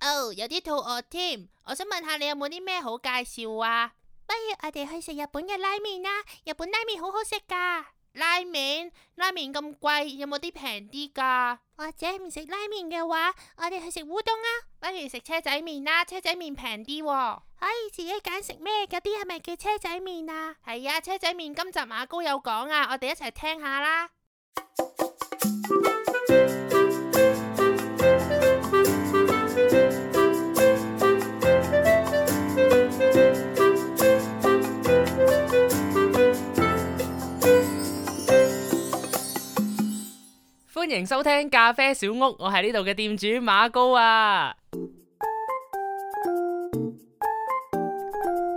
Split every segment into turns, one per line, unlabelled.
哦，oh, 有啲肚餓添，我想問下你有冇啲咩好介紹啊？不如我哋去食日本嘅拉麵啦，日本拉麵好好食噶。拉麵，拉麵咁貴，有冇啲平啲噶？或者唔食拉麵嘅話，我哋去食烏冬啊，不如食車仔麵啦，車仔麵平啲。可以自己揀食咩？嗰啲係咪叫車仔麵啊？係啊，車仔麵今集馬高有講啊，我哋一齊聽下啦。 歡迎收聽咖啡小屋，我係呢度嘅店主馬高啊！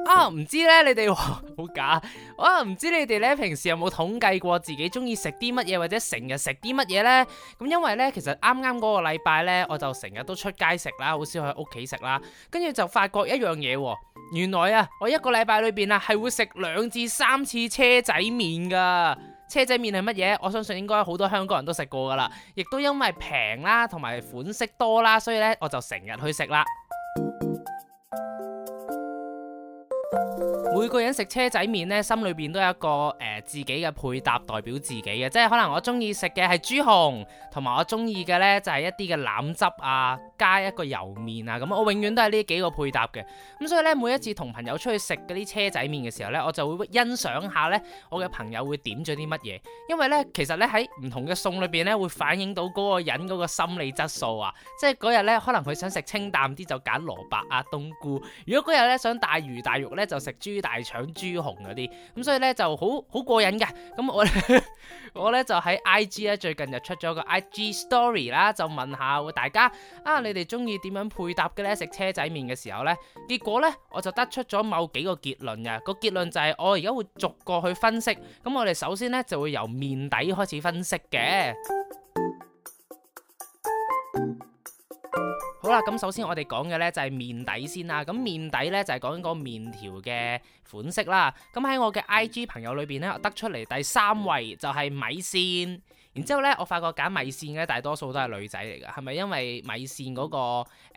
啊，唔知咧，你哋好假啊！唔知你哋咧平時有冇統計過自己中意食啲乜嘢，或者成日食啲乜嘢呢？咁因為咧，其實啱啱嗰個禮拜咧，我就成日都出街食啦，好少去屋企食啦，跟住就發覺一樣嘢，原來啊，我一個禮拜裏邊啊係會食兩至三次車仔麵噶。車仔麵係乜嘢？我相信應該好多香港人都食過㗎啦，亦都因為平啦同埋款式多啦，所以咧我就成日去食啦。 每個人食車仔麵呢裡面呢心裏邊都有一個誒、呃、自己嘅配搭代表自己嘅，即係可能我中意食嘅係豬紅，同埋我中意嘅呢就係、是、一啲嘅腩汁啊，加一個油麵啊，咁我永遠都係呢幾個配搭嘅。咁所以呢，每一次同朋友出去食嗰啲車仔麵嘅時候呢，我就會欣賞下呢我嘅朋友會點咗啲乜嘢，因為呢，其實呢喺唔同嘅餸裏邊呢，會反映到嗰個人嗰個心理質素啊，即係嗰日呢，可能佢想食清淡啲就揀蘿蔔啊、冬菇，如果嗰日呢，想大魚大肉呢，就食豬，大腸豬紅嗰啲，咁所以呢就好好過癮嘅。咁我呢 我呢就喺 IG 呢最近就出咗個 IG story 啦，就問下大家啊，你哋中意點樣配搭嘅呢？食車仔麵嘅時候呢？結果呢，我就得出咗某幾個結論嘅。個結論就係我而家會逐個去分析。咁我哋首先呢，就會由麵底開始分析嘅。好啦，咁首先我哋講嘅呢就係麵底先啦，咁麵底呢就係講緊個麵條嘅款式啦。咁喺我嘅 IG 朋友裏邊呢，我得出嚟第三位就係米線。然之後咧，我發覺揀米線咧大多數都係女仔嚟噶，係咪因為米線嗰個、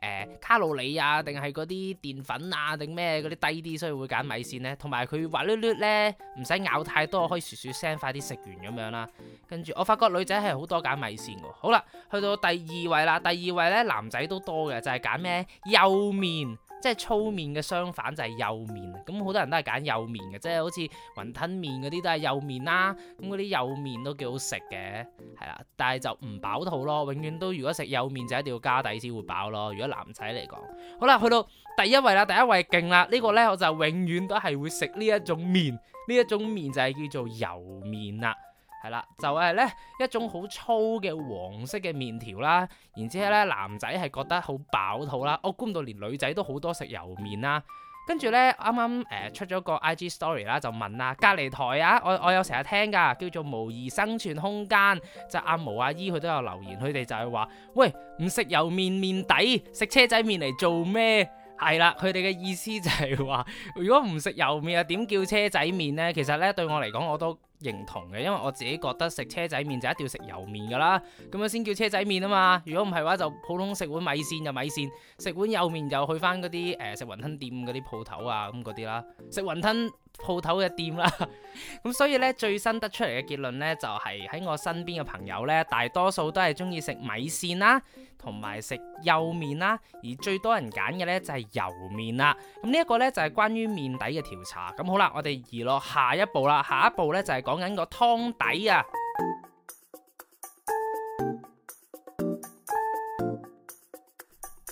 呃、卡路里啊，定係嗰啲澱粉啊，定咩嗰啲低啲，所以會揀米線咧？同埋佢滑溜溜咧，唔使咬太多，可以唰唰聲快啲食完咁樣啦。跟住我發覺女仔係好多揀米線㗎。好啦，去到第二位啦，第二位咧男仔都多嘅，就係揀咩幼麵。即係粗麵嘅相反就係幼麵，咁好多人都係揀幼麵嘅，即係好似雲吞麵嗰啲都係幼麵啦，咁嗰啲幼麵都幾好食嘅，係啦，但係就唔飽肚咯，永遠都如果食幼麵就一定要加底先會飽咯，如果男仔嚟講，好啦，去到第一位啦，第一位勁啦，呢個呢，我就永遠都係會食呢一種麵，呢一種麵就係叫做幼麵啦。係啦，就係、是、咧一種好粗嘅黃色嘅麵條啦，然之後咧，男仔係覺得好飽肚啦，我估唔到連女仔都好多食油麵啦。跟住咧啱啱誒出咗個 IG story 啦，就問啦：「隔籬台啊，我我有成日聽噶，叫做《模擬生存空間》，就阿、是啊、毛阿姨佢都有留言，佢哋就係話，喂，唔食油麵麵底，食車仔麵嚟做咩？係啦，佢哋嘅意思就係話，如果唔食油麵啊，點叫車仔麵咧？其實咧，對我嚟講，我都認同嘅，因為我自己覺得食車仔麵就一定要食油麵㗎啦，咁樣先叫車仔麵啊嘛。如果唔係話，就普通食碗米線就米線，食碗油麵就去返嗰啲誒食雲吞店嗰啲鋪頭啊咁嗰啲啦，食雲吞。鋪頭嘅店啦，咁所以呢，最新得出嚟嘅結論呢，就係、是、喺我身邊嘅朋友呢，大多數都係中意食米線啦、啊，同埋食幼麵啦、啊，而最多人揀嘅呢，就係、是、油麵啦、啊。咁呢一個呢就係、是、關於麵底嘅調查。咁好啦，我哋移落下一步啦，下一步呢，就係講緊個湯底啊。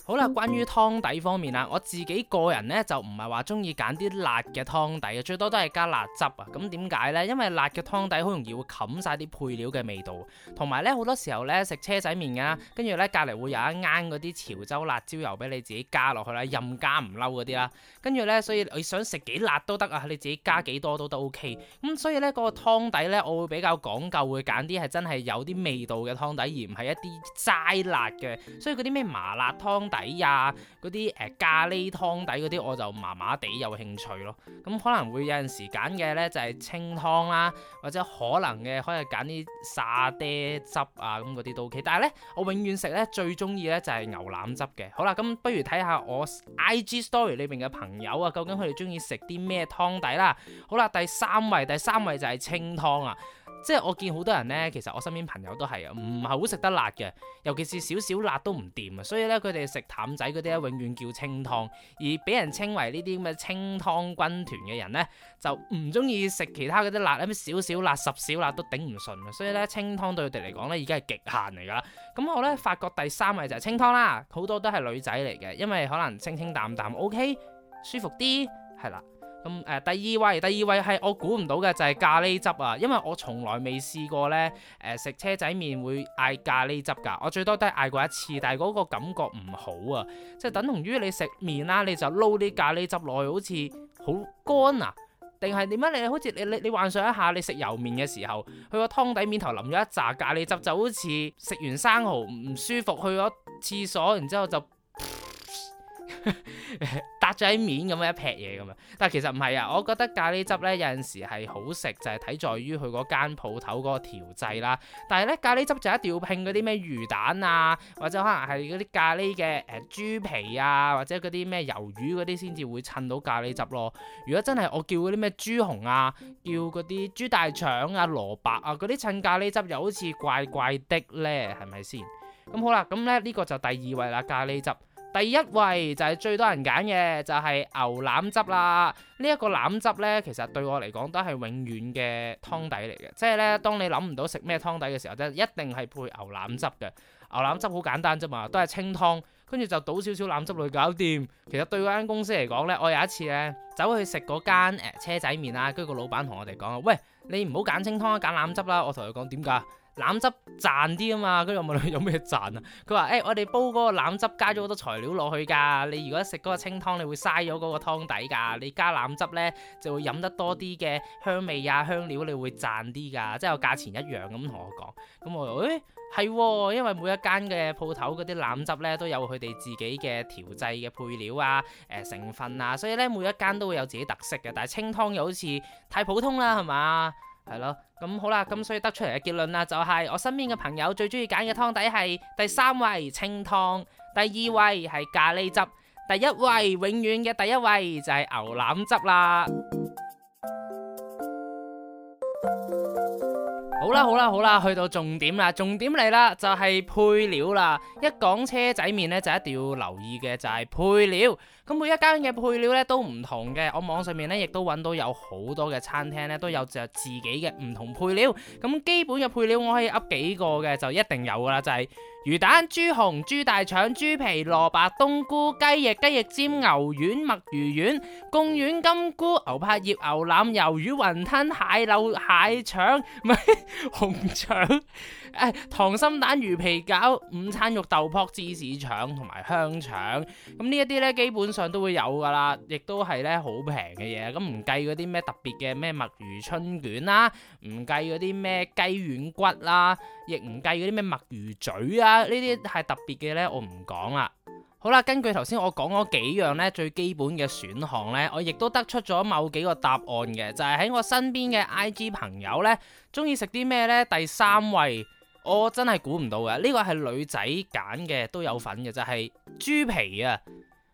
好啦，關於湯底方面啦，我自己個人呢就唔係話中意揀啲辣嘅湯底嘅，最多都係加辣汁啊。咁點解呢？因為辣嘅湯底好容易會冚晒啲配料嘅味道，同埋呢，好多時候呢，食車仔麵啊，跟住呢，隔離會有一間嗰啲潮州辣椒油俾你自己加落去啦，任加唔嬲嗰啲啦。跟住呢，所以你想食幾辣都得啊，你自己加幾多都得。OK。咁所以呢，嗰個湯底呢，我會比較講究會揀啲係真係有啲味道嘅湯底，而唔係一啲齋辣嘅。所以嗰啲咩麻辣湯底。底啊，嗰啲誒咖喱湯底嗰啲，我就麻麻地有興趣咯。咁可能會有陣時揀嘅呢，就係清湯啦，或者可能嘅可以揀啲沙爹汁啊，咁嗰啲都 OK。但係呢，我永遠食呢最中意呢，就係牛腩汁嘅。好啦，咁不如睇下我 IG Story 裏邊嘅朋友啊，究竟佢哋中意食啲咩湯底啦？好啦，第三位，第三位就係清湯啊。即係我見好多人呢，其實我身邊朋友都係啊，唔係好食得辣嘅，尤其是少少辣都唔掂啊，所以呢，佢哋食淡仔嗰啲永遠叫清湯，而俾人稱為呢啲咁嘅清湯軍團嘅人呢，就唔中意食其他嗰啲辣啊，咩少少辣、十小辣都頂唔順啊，所以呢，清湯對佢哋嚟講呢已經係極限嚟噶喇。咁我呢，發覺第三位就係清湯啦，好多都係女仔嚟嘅，因為可能清清淡淡 OK，舒服啲，係啦。咁誒、嗯呃、第二位，第二位係我估唔到嘅就係、是、咖喱汁啊，因為我從來未試過咧誒食車仔麵會嗌咖喱汁㗎，我最多都係嗌過一次，但係嗰個感覺唔好啊，即、就、係、是、等同於你食麵啦，你就撈啲咖喱汁落去，好似好乾啊，定係點解？你好似你你你幻想一下，你食油麵嘅時候，去個湯底面頭淋咗一紮咖喱汁，就好似食完生蠔唔舒服，去咗廁所，然後之後就。 搭咗喺面咁樣一劈嘢咁啊！但係其實唔係啊，我覺得咖喱汁咧，有陣時係好食，就係、是、睇在於佢嗰間鋪頭嗰個調製啦。但係咧，咖喱汁就一定要拼嗰啲咩魚蛋啊，或者可能係嗰啲咖喱嘅誒豬皮啊，或者嗰啲咩魷魚嗰啲先至會襯到咖喱汁咯。如果真係我叫嗰啲咩豬紅啊，叫嗰啲豬大腸啊、蘿蔔啊嗰啲襯咖喱汁，又好似怪怪的咧，係咪先？咁好啦，咁咧呢個就第二位啦，咖喱汁。第一位就係最多人揀嘅，就係牛腩汁啦。呢一個腩汁呢，其實對我嚟講都係永遠嘅湯底嚟嘅。即係呢，當你諗唔到食咩湯底嘅時候，呢一定係配牛腩汁嘅。牛腩汁好簡單啫嘛，都係清湯，跟住就倒少少腩汁落去搞掂。其實對嗰間公司嚟講呢，我有一次呢走去食嗰間誒車仔麵啊，跟住個老闆同我哋講，喂，你唔好揀清湯啊，揀腩汁啦。我同佢講點解？腩汁賺啲啊嘛，跟住我問佢有咩賺啊？佢話：誒、欸，我哋煲嗰個腩汁加咗好多材料落去㗎。你如果食嗰個清湯，你會嘥咗嗰個湯底㗎。你加腩汁呢，就會飲得多啲嘅香味啊香料，你會賺啲㗎。即係價錢一樣咁同我講。咁我誒係、欸哦，因為每一間嘅鋪頭嗰啲腩汁呢，都有佢哋自己嘅調製嘅配料啊，誒、呃、成分啊，所以呢，每一間都會有自己特色嘅。但係清湯又好似太普通啦，係嘛？係咯，咁好啦，咁所以得出嚟嘅結論啦，就係我身邊嘅朋友最中意揀嘅湯底係第三位清湯，第二位係咖喱汁，第一位永遠嘅第一位就係牛腩汁啦。好啦，好啦，好啦，去到重點啦，重點嚟啦，就係配料啦。一講車仔麵呢，就一定要留意嘅就係配料。咁每一間嘅配料呢都唔同嘅。我網上面呢亦都揾到有好多嘅餐廳呢都有着自己嘅唔同配料。咁基本嘅配料我可以噏幾個嘅就一定有噶啦，就係。魚蛋、豬紅、豬大腸、豬皮、蘿蔔、冬菇、雞翼、雞翼尖、牛丸、墨魚丸、貢丸、金菇、牛柏葉、牛腩、魷魚、雲吞、蟹柳、蟹腸、唔係紅腸。誒、哎、溏心蛋、魚皮餃、午餐肉、豆卜、芝士腸同埋香腸，咁呢一啲呢基本上都會有㗎啦，亦都係呢好平嘅嘢。咁唔計嗰啲咩特別嘅咩墨魚春卷啦，唔計嗰啲咩雞軟骨啦，亦唔計嗰啲咩墨魚嘴啊，呢啲係特別嘅呢，我唔講啦。好啦，根據頭先我講嗰幾樣咧最基本嘅選項呢，我亦都得出咗某幾個答案嘅，就係、是、喺我身邊嘅 IG 朋友呢，中意食啲咩呢？第三位。我真係估唔到嘅，呢個係女仔揀嘅都有份嘅就係豬皮啊，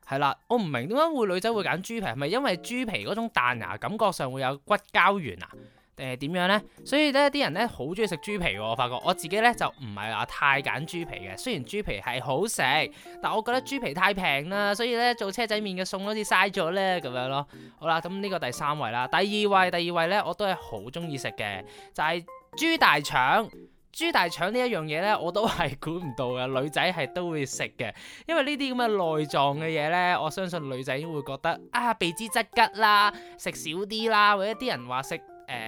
係啦，我唔明點解會女仔會揀豬皮，係咪因為豬皮嗰種彈牙感覺上會有骨膠原啊，定係點樣呢？所以呢啲人呢好中意食豬皮喎，我發覺我自己呢就唔係話太揀豬皮嘅，雖然豬皮係好食，但我覺得豬皮太平啦，所以呢，做車仔麵嘅餸都似嘥咗呢。咁樣咯。好啦，咁呢個第三位啦，第二位第二位呢我都係好中意食嘅，就係豬大腸。豬大腸呢一樣嘢呢，我都係估唔到嘅。女仔係都會食嘅，因為呢啲咁嘅內臟嘅嘢呢，我相信女仔會覺得啊，避之則吉啦，食少啲啦，或者啲人話食誒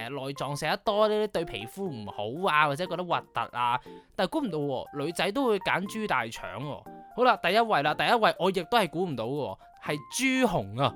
內臟食得多啲，對皮膚唔好啊，或者覺得核突啊，但係估唔到，女仔都會揀豬大腸喎。好啦，第一位啦，第一位我，我亦都係估唔到嘅，係豬紅啊，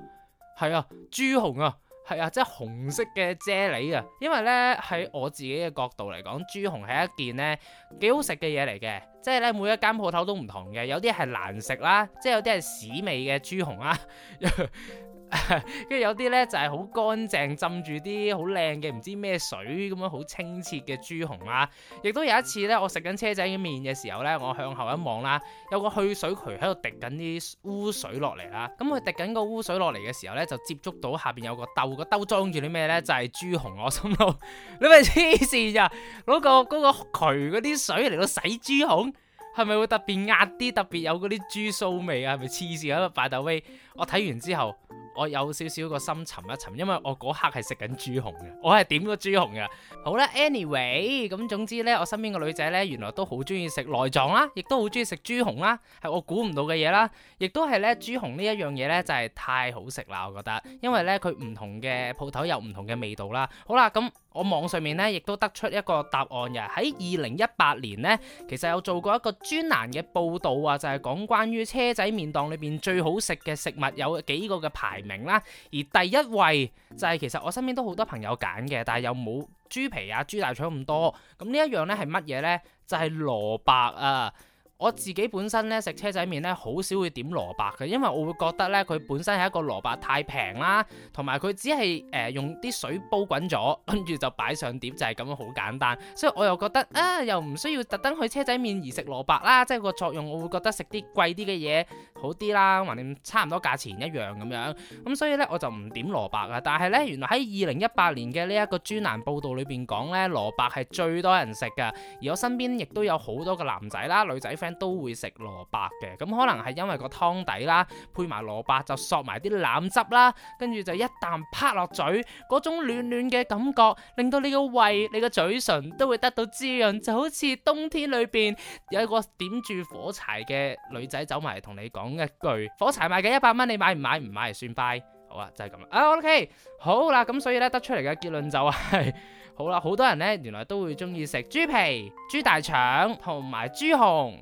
係啊，豬紅啊。係啊，即係紅色嘅啫喱啊！因為咧喺我自己嘅角度嚟講，豬紅係一件咧幾好食嘅嘢嚟嘅，即係咧每一間鋪頭都唔同嘅，有啲係難食啦，即係有啲係屎味嘅豬紅啦。 跟住 有啲呢，就係好乾淨，浸住啲好靚嘅唔知咩水咁樣好清澈嘅豬紅啦。亦都有一次呢，我食緊車仔嘅麵嘅時候呢，我向後一望啦，有個去水渠喺度滴緊啲污水落嚟啦。咁、啊、佢、嗯、滴緊個污水落嚟嘅時候呢，就接觸到下邊有個兜，個兜裝住啲咩呢？就係豬紅，我心諗 你咪黐線咋？攞、個嗰、個渠嗰啲水嚟到洗豬紅，係咪會特別壓啲？特別有嗰啲豬騷味啊？係咪黐線啊？拜斗威！我睇完之後。我有少少個心沉一沉，因為我嗰刻係食緊豬紅嘅，我係點咗豬紅嘅。好啦，Anyway，咁總之呢，我身邊嘅女仔呢，原來都好中意食內臟啦，亦都好中意食豬紅啦，係我估唔到嘅嘢啦。亦都係呢豬紅呢一樣嘢呢，就係太好食啦，我覺得，因為呢，佢唔同嘅鋪頭有唔同嘅味道啦。好啦，咁我網上面呢，亦都得出一個答案嘅，喺二零一八年呢，其實有做過一個專欄嘅報道啊，就係講關於車仔麵檔裏邊最好食嘅食物有幾個嘅排。明啦，而第一位就係其實我身邊都好多朋友揀嘅，但係又冇豬皮啊、豬大腸咁多，咁呢一樣咧，係乜嘢咧？就係蘿蔔啊！我自己本身咧食車仔麵咧好少會點蘿蔔嘅，因為我會覺得咧佢本身係一個蘿蔔太平啦，同埋佢只係誒、呃、用啲水煲滾咗，跟住就擺上碟就係、是、咁樣好簡單，所以我又覺得啊又唔需要特登去車仔麵而食蘿蔔啦，即係個作用我會覺得食啲貴啲嘅嘢好啲啦，橫掂差唔多價錢一樣咁樣，咁所以咧我就唔點蘿蔔啊。但係咧原來喺二零一八年嘅呢一個專欄報導裏邊講咧蘿蔔係最多人食㗎，而我身邊亦都有好多個男仔啦女仔都會食蘿蔔嘅，咁可能係因為個湯底啦，配埋蘿蔔就嗦埋啲腩汁啦，跟住就一啖啪落嘴，嗰種暖暖嘅感覺，令到你個胃、你個嘴唇都會得到滋潤，就好似冬天裏邊有一個點住火柴嘅女仔走埋嚟同你講一句：火柴賣緊一百蚊，你買唔買？唔買就算拜。好、就係、樣啊，就係咁啦。啊，O K，好啦，咁所以咧得出嚟嘅結論就係、係、好啦，好多人呢原來都會中意食豬皮、豬大腸同埋豬紅。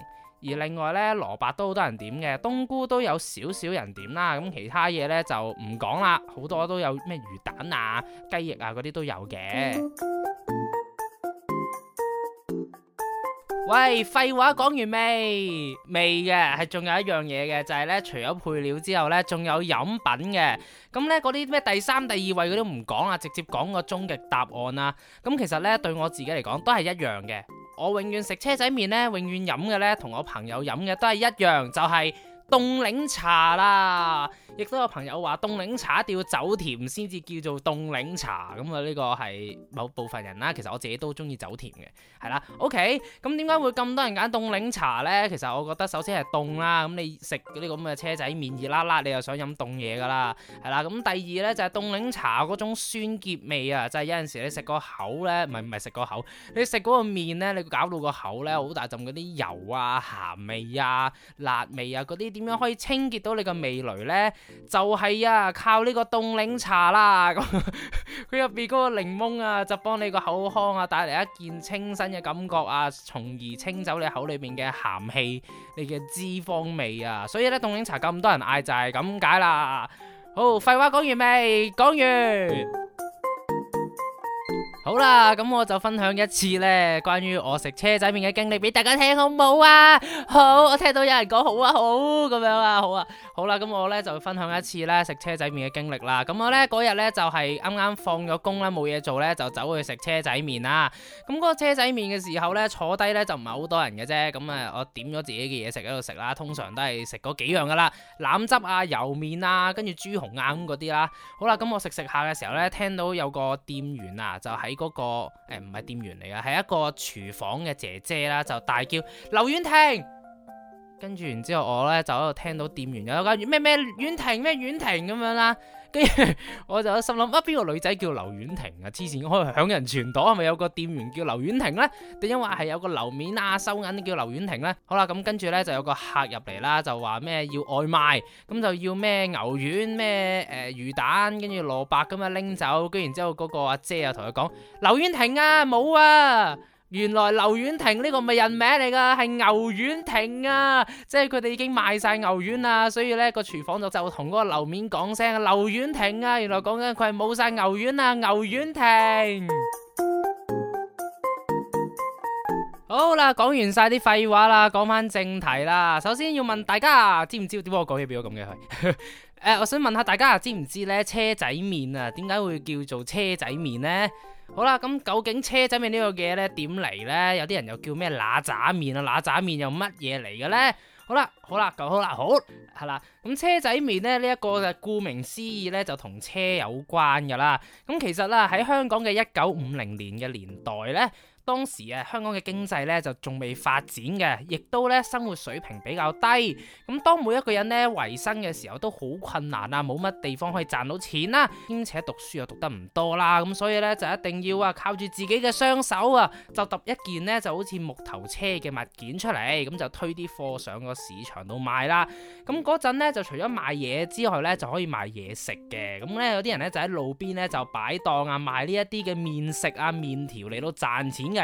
而另外咧，蘿蔔都好多人點嘅，冬菇都有少少人點啦。咁其他嘢咧就唔講啦，好多都有咩魚蛋啊、雞翼啊嗰啲都有嘅。 喂，廢話講完未？未嘅，係仲有一樣嘢嘅，就係咧除咗配料之後咧，仲有飲品嘅。咁咧嗰啲咩第三、第二位嗰啲唔講啦，直接講個終極答案啦。咁其實咧對我自己嚟講都係一樣嘅。我永遠食車仔麵咧，永遠飲嘅咧，同我朋友飲嘅都係一樣，就係、是。凍檸茶啦，亦都有朋友話凍檸茶一定要走甜先至叫做凍檸茶，咁啊呢個係某部分人啦。其實我自己都中意走甜嘅，係啦。OK，咁點解會咁多人揀凍檸茶呢？其實我覺得首先係凍啦，咁你食呢個咁嘅車仔麵熱辣辣，你又想飲凍嘢噶啦，係啦。咁第二呢就係凍檸茶嗰種酸澀味啊，就係有陣時你食個口呢，唔係唔係食個口，你食嗰個麵呢，你搞到個口呢，好大浸嗰啲油啊、咸味啊、辣味啊嗰啲。點樣可以清潔到你個味蕾呢？就係啊，靠呢個凍檸茶啦，佢入邊嗰個檸檬啊，就幫你個口腔啊帶嚟一件清新嘅感覺啊，從而清走你口裏面嘅鹹氣、你嘅脂肪味啊，所以呢，凍檸茶咁多人嗌就係咁解啦。好，廢話講完未？講完。好啦，咁我就分享一次呢關於我食車仔麵嘅經歷俾大家聽好唔好啊？好，我聽到有人講好啊好，好咁樣啊。「好啊，好啦」。咁我呢就分享一次呢食車仔麵嘅經歷啦。咁我呢嗰日呢就係啱啱放咗工啦，冇嘢做呢，就走去食車仔麵啦。咁、那、嗰個車仔麵嘅時候呢，坐低呢就唔係好多人嘅啫。咁啊，我點咗自己嘅嘢食喺度食啦，通常都係食嗰幾樣噶啦，腩汁啊、油麵啊，跟住豬紅啊嗰啲啦。好啦，咁我食食下嘅時候呢，聽到有個店員啊，就喺。嗰個，欸，唔係店員嚟㗎，係一個廚房嘅姐姐啦，就大叫劉婉婷。跟住，然之後我咧就喺度聽到店員有個咩咩婉婷咩婉婷咁樣啦，跟住我就心諗啊，邊個女仔叫劉婉婷啊？黐線，我響人傳道係咪有個店員叫劉婉婷咧？定因為係有個樓面啊收銀叫劉婉婷咧？好啦、啊，咁跟住咧就有個客入嚟啦，就話咩要外賣，咁就要咩牛丸咩誒、呃、魚蛋，跟住蘿蔔咁樣拎走，跟住然之後嗰個阿姐，姐又同佢講劉婉婷啊冇啊！原來劉遠婷呢個唔係人名嚟噶，係牛丸亭啊！即係佢哋已經賣晒牛丸啦，所以呢個廚房就就同嗰個樓面講聲，劉遠婷啊！原來講緊佢係冇晒牛丸啊，牛丸亭。 好啦，講完晒啲廢話啦，講翻正題啦。首先要問大家知唔知點解我講起變咗咁嘅？係、 呃、我想問下大家知唔知呢車仔麵啊，點解會叫做車仔麵呢？好啦，咁究竟車仔麵呢個嘢咧點嚟咧？有啲人又叫咩嗱喳麵啊？嗱喳麵又乜嘢嚟嘅咧？好啦，好啦，咁好啦，好係啦，咁車仔麵咧呢一個就顧名思義咧就同車有關噶啦。咁其實啦喺香港嘅一九五零年嘅年代咧。當時啊，香港嘅經濟咧就仲未發展嘅，亦都咧生活水平比較低。咁當每一個人咧維生嘅時候都好困難啊，冇乜地方可以賺到錢啦，兼且讀書又讀得唔多啦，咁所以咧就一定要啊靠住自己嘅雙手啊，就揼一件呢就好似木頭車嘅物件出嚟，咁就推啲貨上個市場度賣啦。咁嗰陣咧就除咗賣嘢之外咧，就可以賣嘢食嘅。咁咧有啲人咧就喺路邊咧就擺檔啊賣呢一啲嘅麵食啊、麵條嚟到賺錢。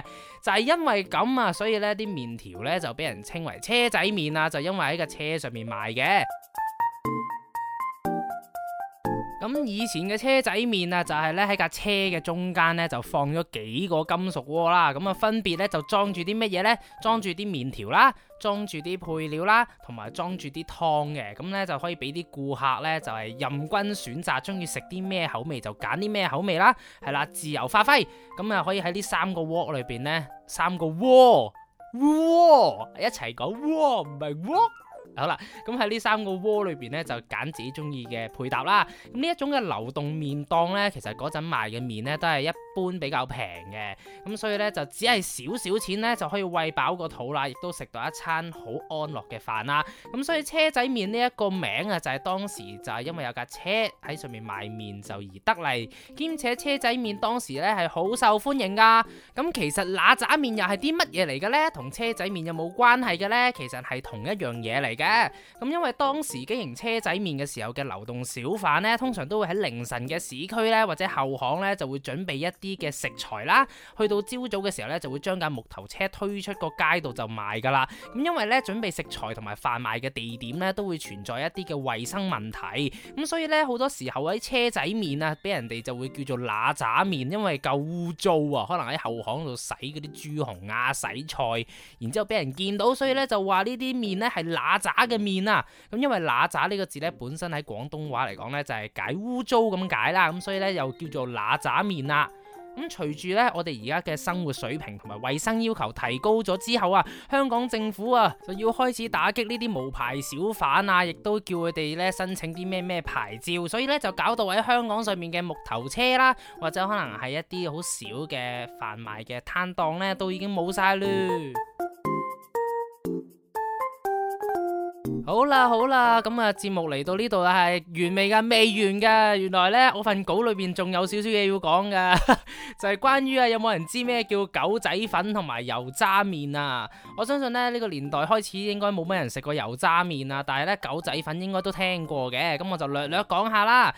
就係因為咁啊，所以呢啲麵條呢就俾人稱為車仔麵啊，就因為喺個車上面賣嘅。咁以前嘅車仔麵啊，就係咧喺架車嘅中間咧，就放咗幾個金屬鍋啦。咁啊，分別咧就裝住啲乜嘢咧？裝住啲麵條啦，裝住啲配料啦，同埋裝住啲湯嘅。咁咧就可以俾啲顧客咧，就係任君選擇，中意食啲咩口味就揀啲咩口味啦。係啦，自由發揮。咁啊，可以喺呢三個鍋裏邊咧，三個鍋，鍋一齊講鍋唔係鍋。好啦，咁喺呢三個窩裏邊呢，就揀自己中意嘅配搭啦。咁呢一種嘅流動麵檔呢，其實嗰陣賣嘅麵呢，都係一般比較平嘅，咁所以呢，就只係少少錢呢，就可以喂飽個肚啦，亦都食到一餐好安樂嘅飯啦。咁所以車仔麵呢一個名啊，就係、是、當時就係因為有架車喺上面賣麵就而得嚟，兼且車仔麵當時呢，係好受歡迎噶。咁其實嗱喳麵又係啲乜嘢嚟嘅呢？同車仔麵有冇關係嘅呢？其實係同一樣嘢嚟。嘅咁，因為當時經營車仔麵嘅時候嘅流動小販咧，通常都會喺凌晨嘅市區咧，或者後巷咧，就會準備一啲嘅食材啦。去到朝早嘅時候咧，就會將架木頭車推出個街度就賣噶啦。咁因為咧，準備食材同埋販賣嘅地點咧，都會存在一啲嘅衛生問題。咁所以咧，好多時候喺車仔麵啊，俾人哋就會叫做喇喳麵，因為夠污糟啊，可能喺後巷度洗嗰啲豬紅啊、洗菜，然之後俾人見到，所以咧就話呢啲麵咧係喇。渣嘅麵啊，咁因為哪渣呢個字呢，本身喺廣東話嚟講呢，就係、是、解污糟咁解啦，咁所以呢，又叫做哪渣麵啦。咁隨住呢，我哋而家嘅生活水平同埋衛生要求提高咗之後啊，香港政府啊就要開始打擊呢啲無牌小販啊，亦都叫佢哋呢申請啲咩咩牌照，所以呢，就搞到喺香港上面嘅木頭車啦，或者可能係一啲好少嘅販賣嘅攤檔呢，都已經冇晒嘞。好啦好啦，咁啊節目嚟到呢度係完未噶？未完噶，原來呢，我份稿裏面仲有少少嘢要講噶， 就係關於啊有冇人知咩叫狗仔粉同埋油渣麵啊？我相信呢，呢、呢個年代開始應該冇乜人食過油渣麵啊，但係呢，狗仔粉應該都聽過嘅，咁我就略略講下啦。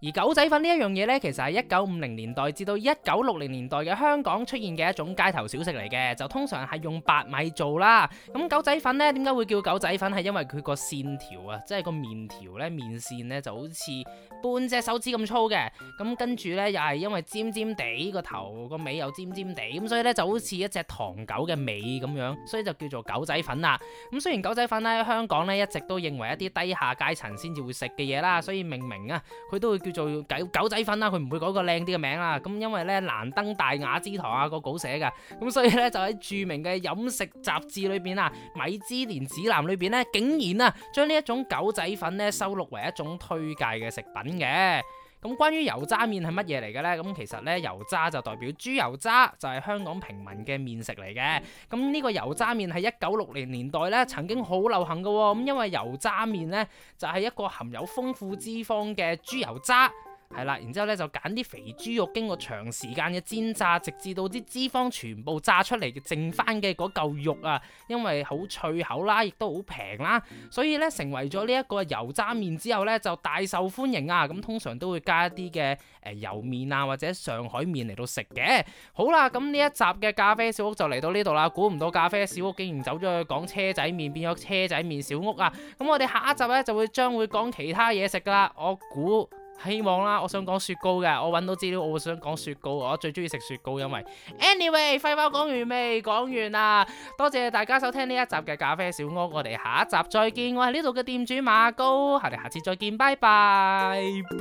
而狗仔粉呢一樣嘢呢，其實係一九五零年代至到一九六零年代嘅香港出現嘅一種街頭小食嚟嘅，就通常係用白米做啦。咁、嗯、狗仔粉呢點解會叫狗仔粉？係因為佢個線條啊，即、就、係、是、個麵條呢，麵線呢就好似半隻手指咁粗嘅。咁、嗯、跟住呢，又係因為尖尖地個頭個尾又尖尖地，咁、嗯、所以呢就好似一隻唐狗嘅尾咁樣，所以就叫做狗仔粉啦。咁、嗯、雖然狗仔粉呢，香港呢一直都認為一啲低下階層先至會食嘅嘢啦，所以明明啊，佢都會。叫做狗狗仔粉啦，佢唔會改個靚啲嘅名啦。咁因為咧，難登大雅之堂啊，個稿寫嘅，咁所以咧，就喺著名嘅飲食雜誌裏邊啊，《米芝蓮指南》裏邊咧，竟然啊將呢一種狗仔粉咧收錄為一種推介嘅食品嘅。咁關於油渣麵係乜嘢嚟嘅呢？咁其實呢，油渣就代表豬油渣，就係、是、香港平民嘅麵食嚟嘅。咁呢個油渣麵係一九六零年代呢曾經好流行嘅，哦。咁因為油渣麵呢，就係、是、一個含有豐富脂肪嘅豬油渣。係啦，然之後咧就揀啲肥豬肉，經過長時間嘅煎炸，直至到啲脂肪全部炸出嚟嘅，剩翻嘅嗰嚿肉啊，因為好脆口啦，亦都好平啦，所以咧成為咗呢一個油渣麵之後咧就大受歡迎啊。咁通常都會加一啲嘅誒油麵啊或者上海麵嚟到食嘅。好啦，咁呢一集嘅咖啡小屋就嚟到呢度啦。估唔到咖啡小屋竟然走咗去講車仔麵變咗車仔麵小屋啊！咁我哋下一集咧就會將會講其他嘢食噶啦。我估。希望啦，我想講雪糕嘅，我揾到資料，我會想講雪糕，我最中意食雪糕，因為 Anyway，廢話講完未？講完啦，多謝大家收聽呢一集嘅咖啡小屋，我哋下一集再見，我係呢度嘅店主馬高，我哋下次再見，拜拜。